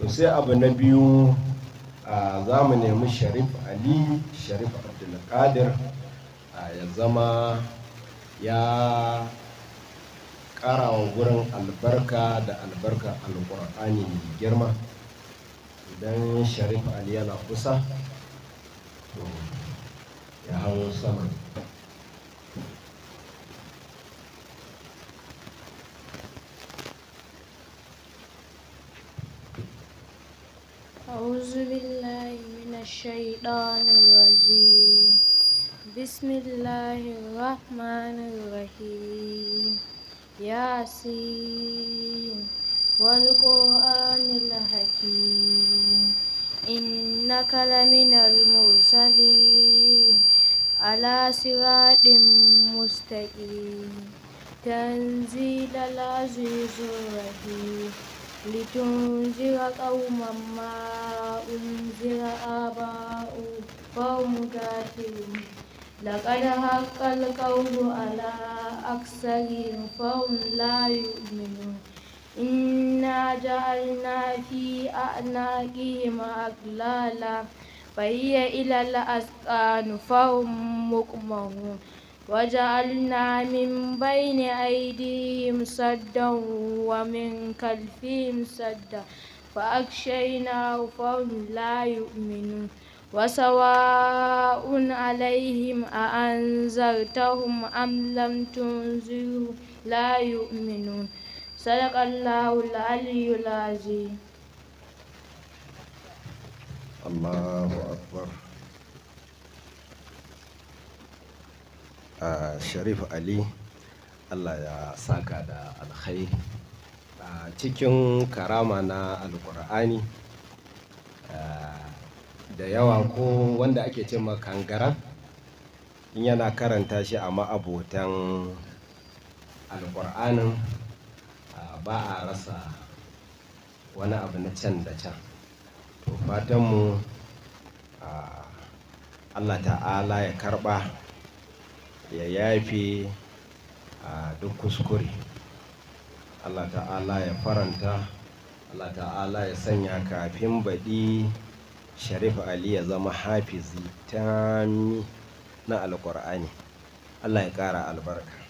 to sai abu na biyu za mu nemi sharif ali sharif abdulkadir ya zama ya karawa gurin albarka da albarka alkur'ani mai girma idan sharif ali yana kusa ya hau sama أعوذ بالله من الشيطان الرجيم بسم الله الرحمن الرحيم ياسين والقرآن الحكيم إنك لمن المرسلين على صراط مستقيم تنزيل العزيز الرحيم لتنذر قوما ما أنذر آباؤهم فهم كافرون لقد حق القول على أكثرهم فهم لا يؤمنون إنا جعلنا في أعناقهم أغلالا فهي إلى الأسقان فهم مكمهون وجعلنا من بين أيديهم سدا ومن خلفهم سدا فأغشيناه فهم لا يؤمنون وسواء عليهم أأنذرتهم أم لم تنذرهم لا يؤمنون صدق الله العلي العظيم الله أكبر sharif ali allah ya saka da alkhairi a cikin karama na alkur'ani da yawa ko wanda ake ce kangara in yana karanta shi a ma'abotan alkur'anin ba a rasa wani abu na can da can to fatanmu allah ta'ala ya karba ya yafe a duk kuskure allah ta'ala ya faranta allah ta'ala ya sanya kafin baɗi sharif ali ya zama hafizi ta na alƙur'ani allah ya ƙara albarka